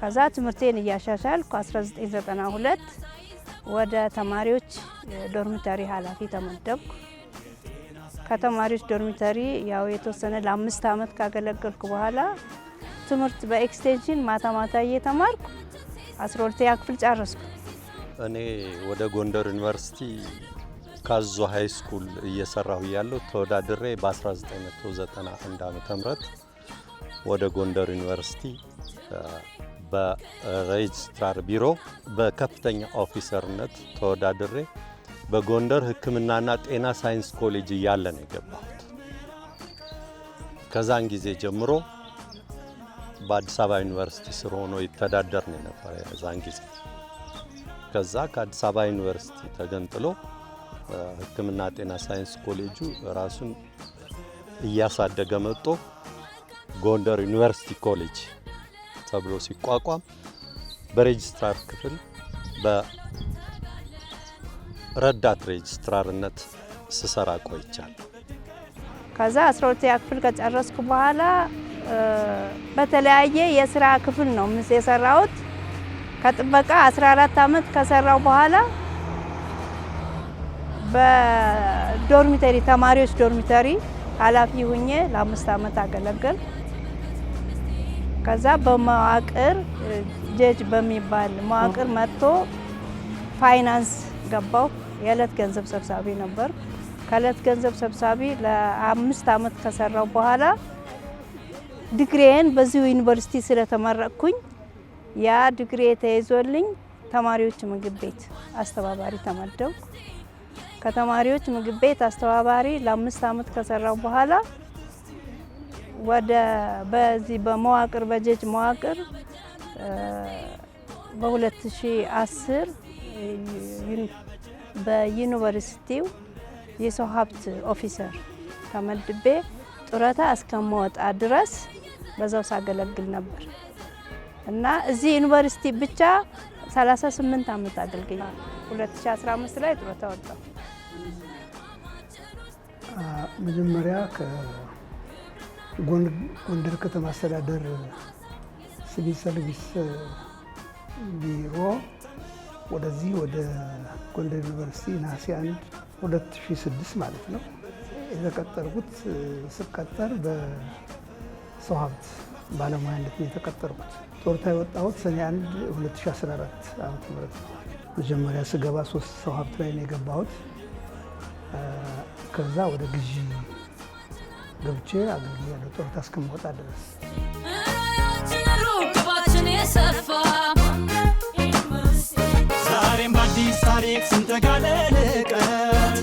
ከዛ ትምህርቴን እያሻሻል ከ1992 ወደ ተማሪዎች ዶርሚተሪ ኃላፊ ተመደብኩ። ከተማሪዎች ዶርሚተሪ ያው የተወሰነ ለአምስት ዓመት ካገለገልኩ በኋላ ትምህርት በኤክስቴንሽን ማታ ማታ እየተማርኩ አስራ ሁለተኛ ክፍል ጨረስኩ። እኔ ወደ ጎንደር ዩኒቨርሲቲ ካዞ ሀይ ስኩል እየሰራሁ እያለሁ ተወዳድሬ በ1991 ዓ ም ወደ ጎንደር ዩኒቨርሲቲ በሬጅስትራር ቢሮ በከፍተኛ ኦፊሰርነት ተወዳድሬ በጎንደር ሕክምናና ጤና ሳይንስ ኮሌጅ እያለ ነው የገባሁት። ከዛን ጊዜ ጀምሮ በአዲስ አበባ ዩኒቨርሲቲ ስር ሆኖ ይተዳደር ነው የነበረ ዛን ጊዜ። ከዛ ከአዲስ አበባ ዩኒቨርሲቲ ተገንጥሎ ሕክምና ጤና ሳይንስ ኮሌጁ ራሱን እያሳደገ መጥቶ ጎንደር ዩኒቨርሲቲ ኮሌጅ ተብሎ ሲቋቋም በሬጅስትራር ክፍል በረዳት ሬጅስትራርነት ስሰራ ቆይቻለሁ። ከዛ አስራ ሁለተኛ ክፍል ከጨረስኩ በኋላ በተለያየ የስራ ክፍል ነው ምስ የሰራሁት ከጥበቃ 14 አመት ከሰራው በኋላ በዶርሚተሪ ተማሪዎች ዶርሚተሪ ኃላፊ ሁኜ ለአምስት አመት አገለገልኩ። ከዛ በመዋቅር ጀጅ በሚባል መዋቅር መጥቶ ፋይናንስ ገባው። የዕለት ገንዘብ ሰብሳቢ ነበር። ከዕለት ገንዘብ ሰብሳቢ ለአምስት ዓመት ከሰራው በኋላ ዲግሪዬን በዚሁ ዩኒቨርሲቲ ስለተመረቅኩኝ ያ ዲግሪ ተይዞልኝ ተማሪዎች ምግብ ቤት አስተባባሪ ተመደብኩ። ከተማሪዎች ምግብ ቤት አስተባባሪ ለአምስት ዓመት ከሰራው በኋላ ወደ በዚህ በመዋቅር በጀጅ መዋቅር በ2010 በዩኒቨርሲቲው የሰው ሀብት ኦፊሰር ተመድቤ ጡረታ እስከመወጣ ድረስ በዛው ሳገለግል ነበር እና እዚህ ዩኒቨርሲቲ ብቻ 38 ዓመት አገልግኝ 2015 ላይ ጡረታ ወጣው መጀመሪያ ጎንደር ከተማ አስተዳደር ሲቪል ሰርቪስ ቢሮ ወደዚህ ወደ ጎንደር ዩኒቨርሲቲ ነሐሴ 1 2006 ማለት ነው የተቀጠርኩት። ስቀጠር በሰው ሀብት ባለሙያነት ነው የተቀጠርኩት። ጡረታ የወጣሁት ሰኔ 1 2014 ዓ ነው። መጀመሪያ ስገባ ሶስት ሰው ሀብት ላይ ነው የገባሁት። ከዛ ወደ ግዢ ገብቼ አገልግያለሁ ጡረታ እስከምወጣ ድረስ። ዛሬም በአዲስ ታሪክ ስንተጋለን ቀን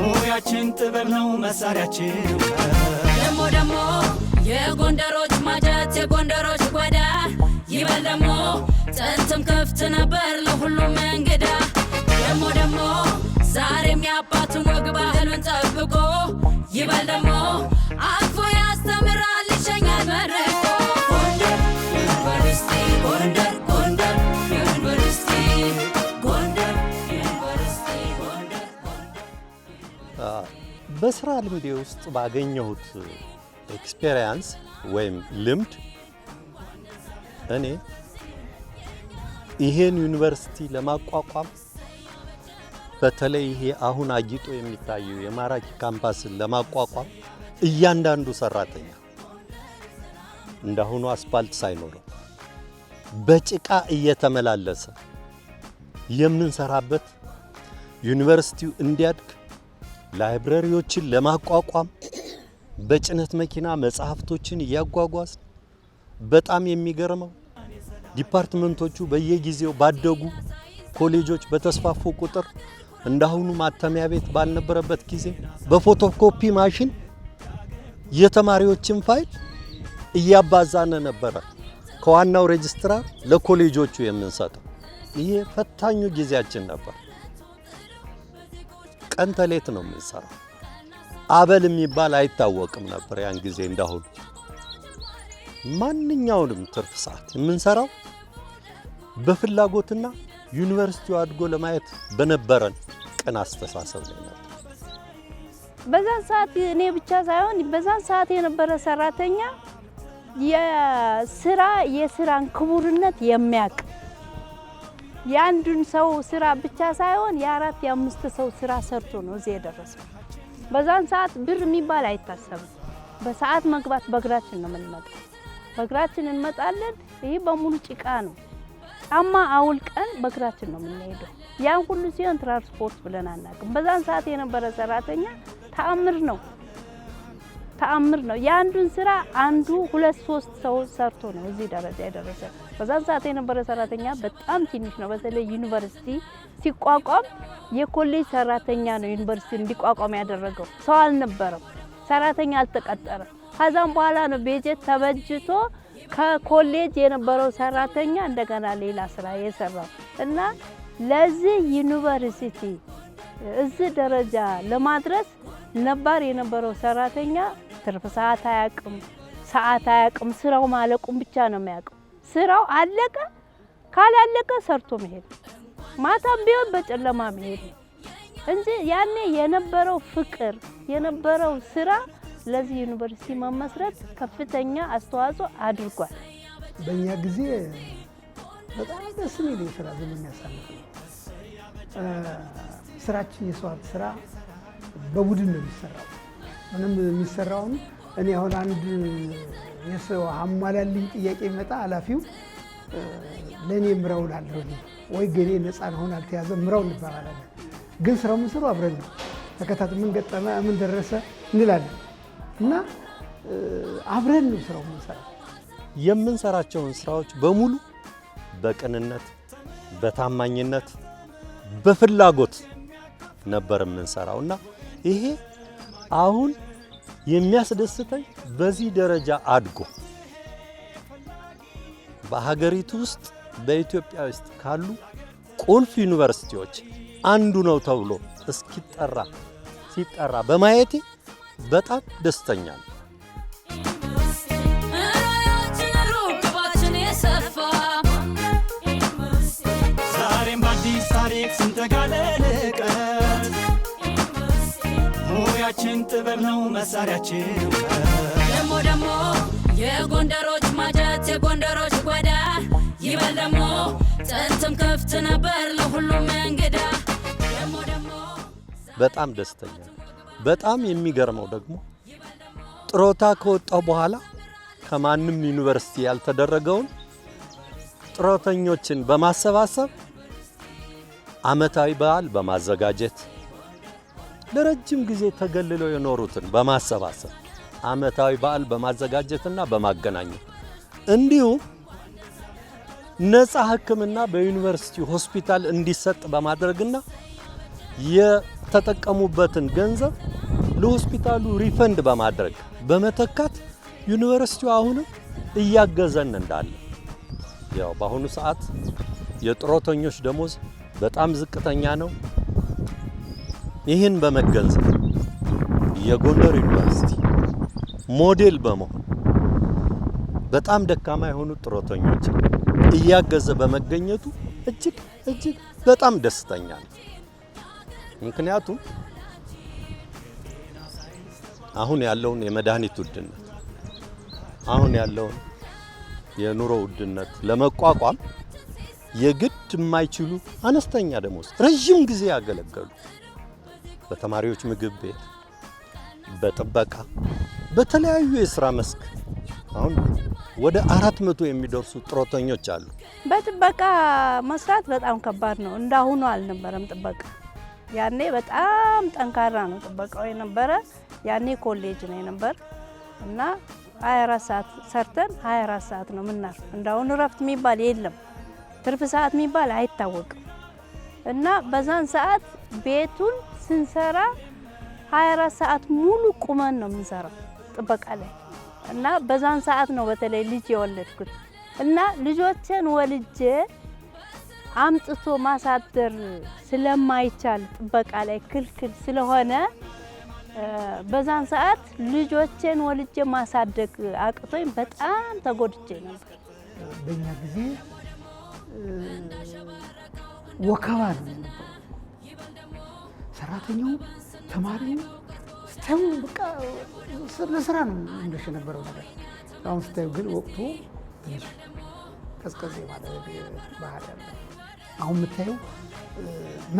ሙያችን ጥበብ ነው መሳሪያችን ደግሞ ደግሞ የጎንደሮች ማጀት የጎንደሮች ጓዳ ይበል ደግሞ ጥንትም ክፍት ነበር ለሁሉም በስራ ልምዴ ውስጥ ባገኘሁት ኤክስፔሪያንስ ወይም ልምድ እኔ ይሄን ዩኒቨርሲቲ ለማቋቋም በተለይ ይሄ አሁን አጊጦ የሚታየው የማራኪ ካምፓስን ለማቋቋም እያንዳንዱ ሰራተኛ እንዳሁኑ አስፋልት ሳይኖረው በጭቃ እየተመላለሰ የምንሰራበት ዩኒቨርሲቲው እንዲያድግ ላይብረሪዎችን ለማቋቋም በጭነት መኪና መጽሐፍቶችን እያጓጓዝ በጣም የሚገርመው ዲፓርትመንቶቹ በየጊዜው ባደጉ ኮሌጆች በተስፋፉ ቁጥር እንዳሁኑ ማተሚያ ቤት ባልነበረበት ጊዜ በፎቶኮፒ ማሽን የተማሪዎችን ፋይል እያባዛነ ነበረ ከዋናው ሬጅስትራር ለኮሌጆቹ የምንሰጠው። ይሄ ፈታኙ ጊዜያችን ነበር። ቀን ተሌት ነው የምንሰራው። አበል የሚባል አይታወቅም ነበር ያን ጊዜ እንዳሁን ማንኛውንም ትርፍ ሰዓት የምንሰራው በፍላጎትና ዩኒቨርሲቲው አድጎ ለማየት በነበረን ቅን አስተሳሰብ ነው ነበር። በዛን ሰዓት እኔ ብቻ ሳይሆን በዛን ሰዓት የነበረ ሰራተኛ የስራ የስራን ክቡርነት የሚያውቅ የአንዱን ሰው ስራ ብቻ ሳይሆን የአራት የአምስት ሰው ስራ ሰርቶ ነው እዚህ የደረሰው። በዛን ሰዓት ብር የሚባል አይታሰብም። በሰዓት መግባት በእግራችን ነው የምንመጣው። በእግራችን እንመጣለን። ይህ በሙሉ ጭቃ ነው። ጫማ አውልቀን በእግራችን ነው የምንሄደው። ያን ሁሉ ሲሆን ትራንስፖርት ብለን አናውቅም። በዛን ሰዓት የነበረ ሰራተኛ ተአምር ነው ተአምር ነው። የአንዱን ስራ አንዱ ሁለት ሶስት ሰው ሰርቶ ነው እዚህ ደረጃ የደረሰ። በዛን ሰዓት የነበረ ሰራተኛ በጣም ትንሽ ነው። በተለይ ዩኒቨርሲቲ ሲቋቋም የኮሌጅ ሰራተኛ ነው ዩኒቨርሲቲ እንዲቋቋም ያደረገው። ሰው አልነበረም፣ ሰራተኛ አልተቀጠረም። ከዛም በኋላ ነው ቤጀት ተበጅቶ ከኮሌጅ የነበረው ሰራተኛ እንደገና ሌላ ስራ የሰራው እና ለዚህ ዩኒቨርሲቲ እዚህ ደረጃ ለማድረስ ነባር የነበረው ሰራተኛ ትርፍ ሰዓት አያውቅም፣ ሰዓት አያውቅም። ስራው ማለቁም ብቻ ነው የሚያውቅም። ስራው አለቀ። ካላለቀ ሰርቶ መሄድ ማታም ቢሆን በጨለማ መሄድ እንጂ ያኔ የነበረው ፍቅር የነበረው ስራ ለዚህ ዩኒቨርሲቲ መመስረት ከፍተኛ አስተዋጽኦ አድርጓል። በእኛ ጊዜ በጣም ደስ የሚል የስራ ዘመን ያሳልፍ ስራችን የሰዋት ስራ በቡድን ነው የሚሰራው ምንም የሚሰራውን እኔ አሁን አንድ የሰው አሟላልኝ ጥያቄ ይመጣ ኃላፊው ለእኔ ምረውን አለሁ ወይ ገኔ ነፃ ነሆን አልተያዘ ምረው እንባባላለን። ግን ስራው ምስሩ አብረን ነው ተከታት ምን ገጠመ ምን ደረሰ እንላለን እና አብረን ነው ስራው ምንሰራ የምንሰራቸውን ስራዎች በሙሉ በቅንነት በታማኝነት በፍላጎት ነበር የምንሰራው እና ይሄ አሁን የሚያስደስተኝ በዚህ ደረጃ አድጎ በሀገሪቱ ውስጥ በኢትዮጵያ ውስጥ ካሉ ቁልፍ ዩኒቨርሲቲዎች አንዱ ነው ተብሎ እስኪጠራ ሲጠራ በማየቴ በጣም ደስተኛ ነው። ዛሬም በአዲስ ታሪክ ስንተጋለን ሀገራችን ጥበብ ነው መሳሪያችን። ደሞ ደሞ የጎንደሮች ማጀት የጎንደሮች ጓዳ ይበል ደሞ ጥንትም ክፍት ነበር ለሁሉም እንግዳ። ደሞ ደሞ በጣም ደስተኛ በጣም የሚገርመው ደግሞ ጥሮታ ከወጣው በኋላ ከማንም ዩኒቨርሲቲ ያልተደረገውን ጥሮተኞችን በማሰባሰብ ዓመታዊ በዓል በማዘጋጀት ለረጅም ጊዜ ተገልለው የኖሩትን በማሰባሰብ ዓመታዊ በዓል በማዘጋጀትና በማገናኘት እንዲሁም ነፃ ሕክምና በዩኒቨርሲቲ ሆስፒታል እንዲሰጥ በማድረግና የተጠቀሙበትን ገንዘብ ለሆስፒታሉ ሪፈንድ በማድረግ በመተካት ዩኒቨርሲቲው አሁንም እያገዘን እንዳለ ያው በአሁኑ ሰዓት የጡረተኞች ደሞዝ በጣም ዝቅተኛ ነው። ይህን በመገንዘብ የጎንደር ዩኒቨርሲቲ ሞዴል በመሆን በጣም ደካማ የሆኑ ጡረተኞችን እያገዘ በመገኘቱ እጅግ እጅግ በጣም ደስተኛ ነው። ምክንያቱም አሁን ያለውን የመድኃኒት ውድነት አሁን ያለውን የኑሮ ውድነት ለመቋቋም የግድ የማይችሉ አነስተኛ ደሞዝ ረዥም ጊዜ ያገለገሉ በተማሪዎች ምግብ ቤት፣ በጥበቃ በተለያዩ የስራ መስክ አሁን ወደ አራት መቶ የሚደርሱ ጡረተኞች አሉ። በጥበቃ መስራት በጣም ከባድ ነው። እንዳሁኑ አልነበረም ጥበቃ። ያኔ በጣም ጠንካራ ነው ጥበቃው የነበረ። ያኔ ኮሌጅ ነው የነበር እና 24 ሰዓት ሰርተን 24 ሰዓት ነው ምናር። እንዳሁኑ እረፍት የሚባል የለም፣ ትርፍ ሰዓት የሚባል አይታወቅም። እና በዛን ሰዓት ቤቱን ስንሰራ 24 ሰዓት ሙሉ ቁመን ነው የምንሰራው ጥበቃ ላይ እና በዛን ሰዓት ነው በተለይ ልጅ የወለድኩት እና ልጆችን ወልጄ አምጥቶ ማሳደር ስለማይቻል ጥበቃ ላይ ክልክል ስለሆነ በዛን ሰዓት ልጆችን ወልጄ ማሳደግ አቅቶኝ በጣም ተጎድቼ ነበር። በእኛ ጊዜ ወከባ ነው ሰራተኛው ተማሪው ስታዩ በቃ ለስራ ነው እንደሽ የነበረው ነገር። አሁን ስታዩ ግን ወቅቱ ትንሽ ቀዝቀዝ ማለት ባህል አለ። አሁን የምታየው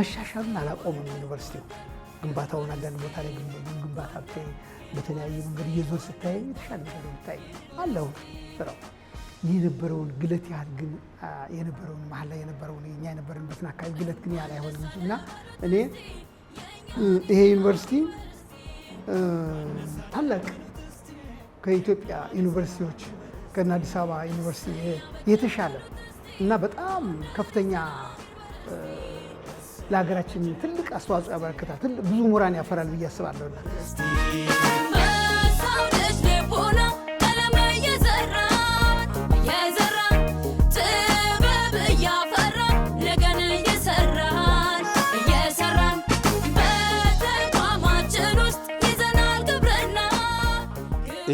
መሻሻሉን አላቆምም። ዩኒቨርሲቲው ግንባታውን አንዳንድ ቦታ ላይ ግንባታ ብታይ በተለያየ መንገድ እየዞር ስታይ የተሻለ ነገር ብታይ አለው ስራው የነበረውን ግለት ያህል ግን የነበረውን መሀል ላይ የነበረውን የኛ የነበረንበትን አካባቢ ግለት ግን ያህል አይሆንም እና እኔ ይሄ ዩኒቨርሲቲ ታላቅ ከኢትዮጵያ ዩኒቨርሲቲዎች ከና አዲስ አበባ ዩኒቨርሲቲ የተሻለ እና በጣም ከፍተኛ ለሀገራችን ትልቅ አስተዋጽኦ ያበረክታል። ብዙ ምሁራን ያፈራል ብዬ አስባለሁና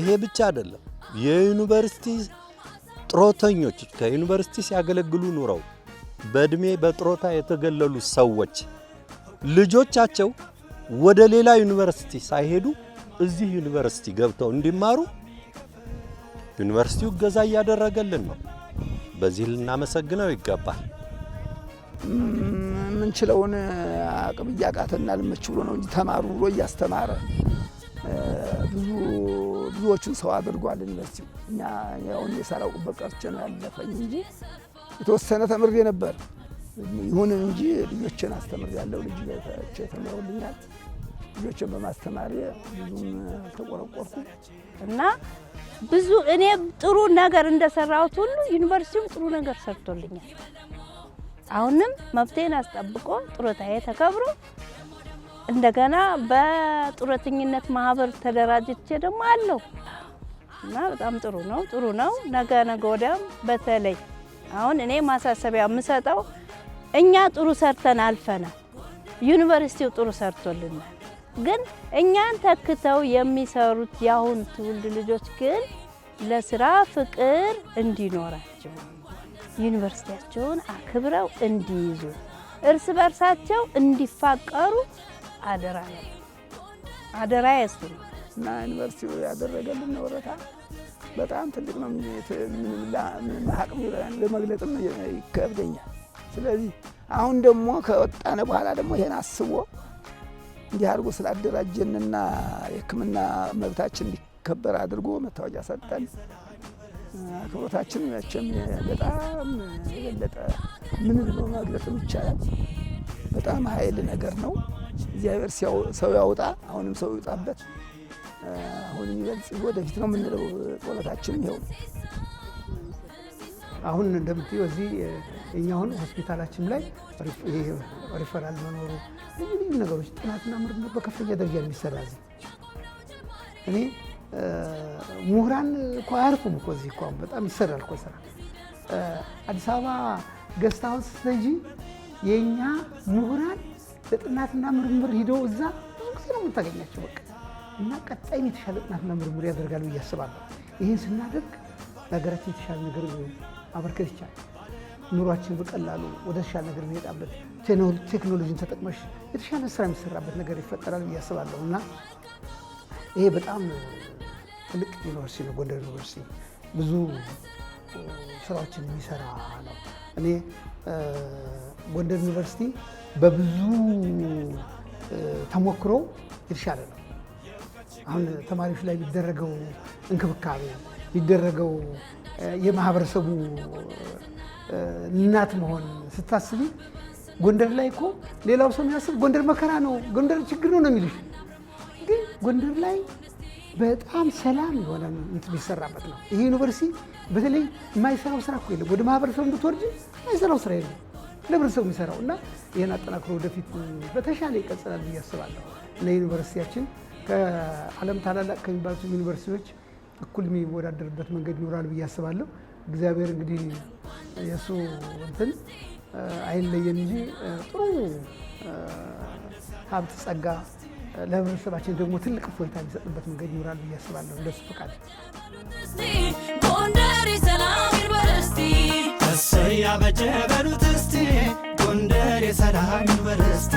ይሄ ብቻ አይደለም። የዩኒቨርሲቲ ጥሮተኞች ከዩኒቨርሲቲ ሲያገለግሉ ኑረው በእድሜ በጥሮታ የተገለሉ ሰዎች ልጆቻቸው ወደ ሌላ ዩኒቨርሲቲ ሳይሄዱ እዚህ ዩኒቨርሲቲ ገብተው እንዲማሩ ዩኒቨርሲቲው እገዛ እያደረገልን ነው። በዚህ ልናመሰግነው ይገባል። የምንችለውን አቅም እያቃተና ልመች ብሎ ነው እንጂ ተማሩ ብሎ እያስተማረ ብዙ ብዙዎችን ሰው አድርጓል። ዩኒቨርሲቲ እኛ ያውን የሳላውቅበት ቀርቼ ነው ያለፈኝ እንጂ የተወሰነ ተምሬ ነበር። ይሁን እንጂ ልጆችን አስተምር ያለው ልጆቼ ተምረውልኛል። ልጆችን በማስተማሪ ብዙም ተቆረቆርኩ እና ብዙ እኔ ጥሩ ነገር እንደሰራሁት ሁሉ ዩኒቨርሲቲውም ጥሩ ነገር ሰርቶልኛል። አሁንም መብቴን አስጠብቆ ጡረታዬ ተከብሮ እንደገና በጡረተኝነት ማህበር ተደራጅቼ ደግሞ አለው እና በጣም ጥሩ ነው፣ ጥሩ ነው። ነገ ነገ ወዲያም በተለይ አሁን እኔ ማሳሰቢያ የምሰጠው እኛ ጥሩ ሰርተን አልፈናል። ዩኒቨርሲቲው ጥሩ ሰርቶልናል። ግን እኛን ተክተው የሚሰሩት የአሁን ትውልድ ልጆች ግን ለስራ ፍቅር እንዲኖራቸው ዩኒቨርሲቲያቸውን አክብረው እንዲይዙ እርስ በርሳቸው እንዲፋቀሩ አደራ ነው። አደራ የሱ እና ዩኒቨርሲቲው ያደረገልን ወረታ በጣም ትልቅ ነው። አቅም ለመግለጥም ይከብደኛል። ስለዚህ አሁን ደግሞ ከወጣነ በኋላ ደግሞ ይሄን አስቦ እንዲህ አድርጎ ስላደራጀንና የሕክምና መብታችን እንዲከበር አድርጎ መታወቂያ ሰጠን። አክብሮታችን መቼም በጣም የበለጠ ምን ብሎ መግለጥም ይቻላል። በጣም ኃይል ነገር ነው። እግዚአብሔር ሰው ያውጣ፣ አሁንም ሰው ይውጣበት። አሁን የሚበልጽ ወደፊት ነው የምንለው። ጸሎታችንም ይኸው አሁን እንደምትዩ እዚህ እኛ አሁን ሆስፒታላችን ላይ ሪፈራል መኖሩ ልዩ ልዩ ነገሮች ጥናትና ምርምር በከፍተኛ ደረጃ የሚሰራ እዚህ እኔ ምሁራን እኮ አያርፉም እኮ እዚህ እኮ በጣም ይሰራል እኮ ስራ። አዲስ አበባ ገስት ሀውስ ስተጂ የእኛ ምሁራን ለጥናትና ምርምር ሂደው እዛ ብዙ ጊዜ ነው የምታገኛቸው። በቃ እና ቀጣይም የተሻለ ጥናትና ምርምር ያደርጋሉ ብዬ አስባለሁ። ይህን ስናደርግ ለሀገራችን የተሻለ ነገር አበርከት ይቻላል። ኑሯችን በቀላሉ ወደ ተሻለ ነገር የሚሄዳበት ቴክኖሎጂን ተጠቅመሽ የተሻለ ስራ የሚሰራበት ነገር ይፈጠራል ብዬ አስባለሁ እና ይሄ በጣም ትልቅ ዩኒቨርሲቲ ነው። ጎንደር ዩኒቨርሲቲ ብዙ ስራዎችን የሚሰራ ነው። እኔ ጎንደር ዩኒቨርሲቲ በብዙ ተሞክሮ የተሻለ ነው። አሁን ተማሪዎች ላይ የሚደረገው እንክብካቤ የሚደረገው የማህበረሰቡ እናት መሆን ስታስቢ ጎንደር ላይ እኮ ሌላው ሰው የሚያስብ ጎንደር መከራ ነው፣ ጎንደር ችግር ነው ነው የሚልሽ። ግን ጎንደር ላይ በጣም ሰላም የሆነ የሚሰራበት ነው። ይሄ ዩኒቨርሲቲ በተለይ የማይሰራው ስራ እኮ የለም። ወደ ማህበረሰቡ ብትወርጂ የማይሰራው ስራ የለም። ለህብረተሰቡ የሚሰራው እና ይህን አጠናክሮ ወደፊት በተሻለ ይቀጽላል ብዬ አስባለሁ እና ዩኒቨርሲቲያችን ከዓለም ታላላቅ ከሚባሉት ዩኒቨርሲቲዎች እኩል የሚወዳደርበት መንገድ ይኖራል ብዬ አስባለሁ። እግዚአብሔር እንግዲህ የእሱ እንትን አይለየን እንጂ ጥሩ ሀብት ጸጋ ለህብረተሰባችን ደግሞ ትልቅ እፎይታ የሚሰጥበት መንገድ ይኖራል ብዬ አስባለሁ። እንደሱ ፈቃድ እሰይ አበጀ በሉት እስቲ ጎንደር የሰላም ዩኒቨርስቲ